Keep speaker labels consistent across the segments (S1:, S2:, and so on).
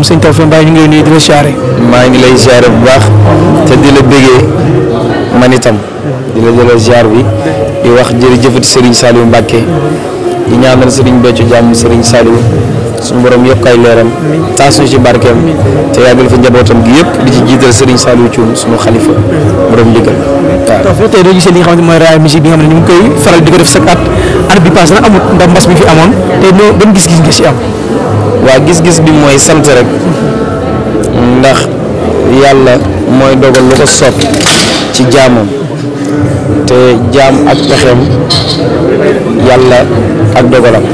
S1: asalaamaaleykum sëñ Tawfekh Mbaye ñu ngi lay nuyu di la siyaare. maa ngi lay siyaare bu baax te di la bëggee man itam di la jëlal siyaar bi di wax jërëjëfati Serigne Saliou Mbacke di ñaanal Serigne Béthio jàmm Serigne Saliou suñu borom yëpp kay leeram taas ñu ci barkeem te yàggal fa njabootam gi yëpp di ci jiital Serigne Saliou Thioune suñu xalifa borom ndigal waaw. doo gisee li nga xamante mooy raaya musique bi nga xam ne ñu koy faral di ko def chaque at. at bi paas nag amul ndax mbas mi fi amoon te noo ban gis-gis nga si am. waaw gis-gis bi mooy sant rek
S2: ndax yàlla mooy dogal lu ko soob ci jaamam te jaam ak pexeem yàlla ak
S1: dogalam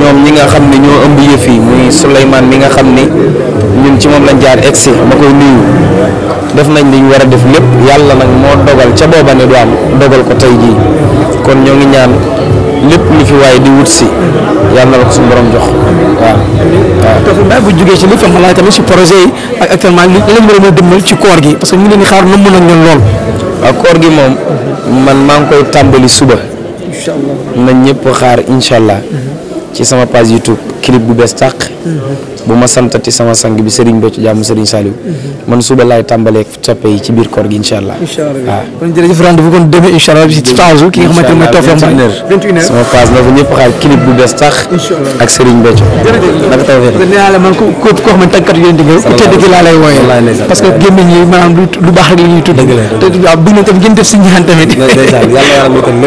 S1: ñoom ñi nga xam ne ñoo ëmb yëf yi muy Souleymane mi nga xam ni
S2: ñun ci moom lañ jaar egsi ma koy nuyu def nañ liñ war a def lépp yàlla nag moo dogal ca booba ne du am dogal ko tey jii kon ñoo ngi ñaan lépp lu fi waaye
S1: di wut si yàlla na la ko suñu borom jox waaw. waaw daal bu jógee ci li fexe laay tamit si projet yi ak actuellement li leen war a mën ci koor gi parce que ñu leen di xaar nu mu mën a ñoon lool. waaw koor gi moom man maa ngi koy tàmbali suba. incha allah na ñëpp xaar incha allah. ci sama page YouTube. clip bu bees tàq. Mm-hmm. bu ma santati sama sang bi Serigne Béthio jàmm Serigne Saliou. Mm-hmm. man suba laay tàmbalee cappe yi ci biir koor gi incha allah. incha allah kon jërëjëf rendez man ku ku lu baax rek ñuy tudd. te waaw bu ñu tam gën def suñu ñaan tamit.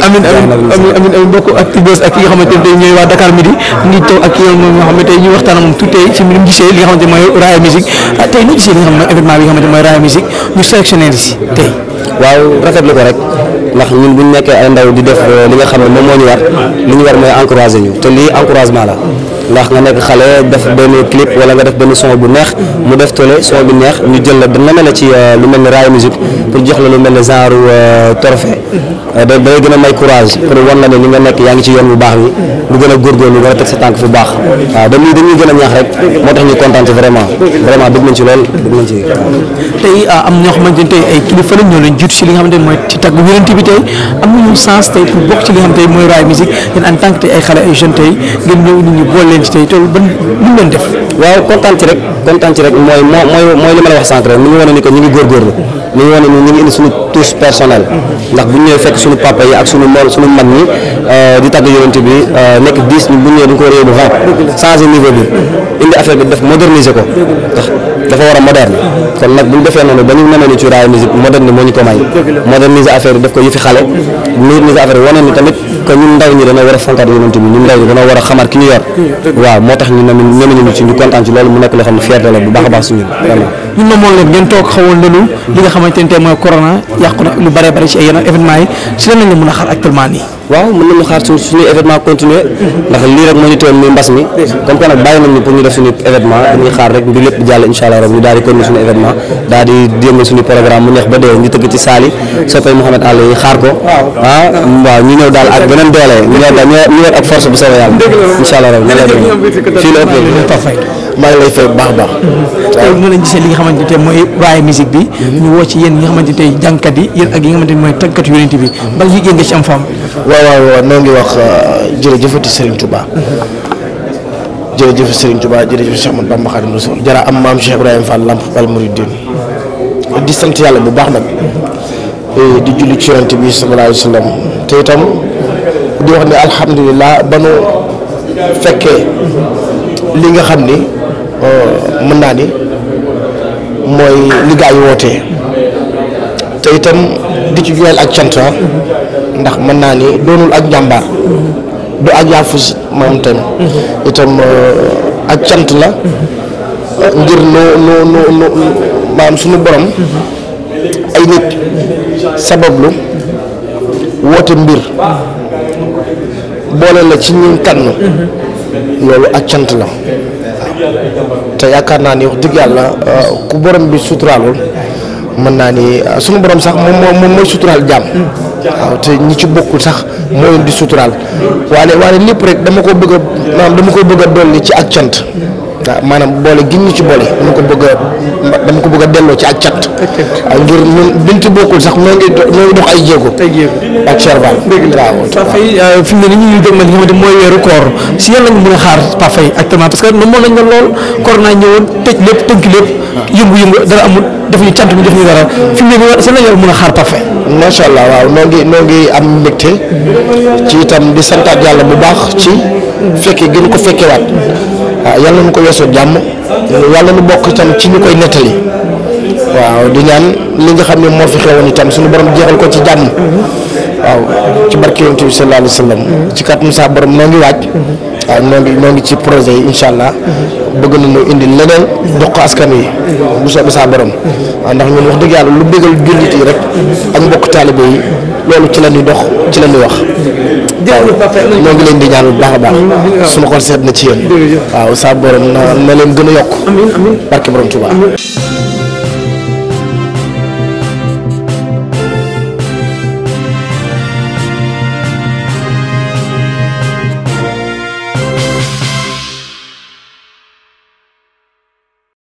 S1: amiin amiin amiin mbokk ak ak yi nga xamante ne ñooy waa Dakar midi ngi toog ak yow moom nga xam ne tey ñu waxtaan moom tout tey si mbirum gisee li nga xamante mooy Raaya Musique ah, tey ñu gisee li nga xam ne événement bi nga xamante mooy Raaya Musique ñu sélectionné si
S2: tey waaw rafetlu ko rek ndax ñun bu ñu nekkee ay ndaw di def euh, li nga xam ne moom moo ñu war li ñu war mooy encouragé ñu te lii encouragement la ndax nga nekk xale def benn clip wala nga def benn son bu neex mu def tole son bu neex ñu jël la dana la ci euh, lu mel ni Rai Musique pour jox la lu mel ni euh, euh, gën a may a góorgóorlu sa tànk fu baax waaw dañuy a rek moo tax ñu kontaan ci vraiment vraiment
S1: tey am ñoo xamante sens tey pour bokk ci li nga xamante ne mooy Rai Musique yéen en tant tey ay xale ay jeunes tey ngeen ñëw nit ñi boole leen université yi toll ban lu leen def.
S2: waaw kontaan ci rek kontaan ci rek mooy mooy mooy li ma la wax centre mi ngi wane ni que ñu ngi góorgóorlu mi ngi wane ni ñu ngi indi suñu touche personnelle ndax bu ñu ñëwee fekk suñu papa yi ak suñu mool suñu mag ñi euh, di tàgg yonent bi euh, nekk 10 bu ñu ñëwee du ko réew bu vingt changer niveau bi indi affaire bi def moderniser ko dafa war a moderne kon nag bu ñu defee noonu ba ñu namee ni cuuraayu musique moderne moo ñu ko may moderniser affaire yi def ko yëfi xale moderniser affaire yi wane ni tamit que ñun ndaw ñi dañoo war a fonkaat yonent bi ñun ndaw ñi dañoo war a xamaat ki ñu yor waaw moo tax ñu ñeme ñu ci ñu kontaan ci loolu mu nekk loo xam ne fierté la bu baax baax suñu
S1: ñu namoon leen ngeen toog xawoon lenu li nga xamante ne tey mooy corona yàqu na
S2: lu bare bare ci ay yeneen événement yi si lan lañu mën a xaar actuellement nii waaw mën nañu xaar su suñuy événement continuer mi comme que nag bàyyi nañu pour ñu def suñu événement dañuy xaar rek bi lépp jàll incha allah rabi ñu daal di ko ah waaw ñu ñëw daal ak beneen doole ñu ñëw daal force bu soobee yàlla incha allah rabi ñu fii la ëpp maa ngi lay fay bu baax a baax.
S1: waaw tey gisee li nga xamante ne mooy waaye musique bi. Mhm. ñu woo ci yéen yi nga xamante ne tey yi yéen ak yi nga xamante ne mooy tàggatu yonent bi. Mhm. ban liggéey nga ci am faam. waaw waaw ngi wax euh, jërëjëfati Serigne Touba. Mhm. jërëjëf Serigne Touba jërëjëf Cheikh Ahmadou Bamba Khadimu Rasul jara am maam Cheikh Ibrahima Fall Lamp Fall Mourideen di yàlla bu baax nag eh, di julli ci yonent bi sallallahu alayhi te itam di wax ne alhamdulilah ba nu fekkee li nga xam ni Euh, mën naa ni mooy li gaa wootee te itam di ci joyal ak cant ah, ndax mën naa ni doonul ak njàmbaar du ak yaafus maam tam itam euh, ak cant la ngir nu nu nu nu maam suñu borom ay nit sabablu woote mbir boole la ci ñi tànn loolu ak cant la te yaakaar naa ni wax dëgg yàlla euh, ku borom bi suturaalul mën naa ni euh, sunu borom sax moom moo moom mooy suturaal jàmm. waaw te ñi ci bokkul sax moo di suturaal. waaye waaye lépp rek dama ko bëgg a maanaam dama ko bëgg a dolli ci ak cant. waaw maanaam boole gi ñu ci boole dama ko bëgg dama ko bëgg a delloo ci ak cat. ak ngir ñun biñ ci bokkul sax ñoo ngi dox ay jéego. ay jéego ak Cheikh Ba. dëgg la waaw Pape euh, mu ne nii ñu déglu li mooy weeru koor si yéen lañ mën a xaar Pape Faye actuellement parce que moom moo lañ nga lool lépp tënk lépp. yëngu-yëngu amul def ñu cant ñu def ñu dara fi mu ne nii seen la a xaar Pape Faye. allah waaw noo ngi noo ngi am mbégte ci itam di santaat yàlla bu baax ci fekkee gën ko fekkee fekkewaat waaw ah, yàlla nu ko weesoo jàmm yàlla nu bokk itam ci ñu koy nettali waaw di ñaan li nga xam ne moo fi xewoon itam suñu borom jeexal ko ci jàmm waaw ci barke yonent bi sallallahu ci kat Moussa borom noo ngi waaj waaw ñoo ngi ñoo ngi ci projet yi incha allah. bëgg nañu indi leneen. jox askan wi. bu soobee saa borom. waaw ndax ñun wax dëgg yàlla lu bëggal jullit yi rek. ak mbokk taalibe yi. loolu ci la ñuy dox ci la ñuy wax. jërëjëf ñoo ngi leen di ñaan bu baax a baax. suma xol seet na ci yéen. waaw saa borom na na leen gën a yokk. amiin amiin barke borom Tuubaa.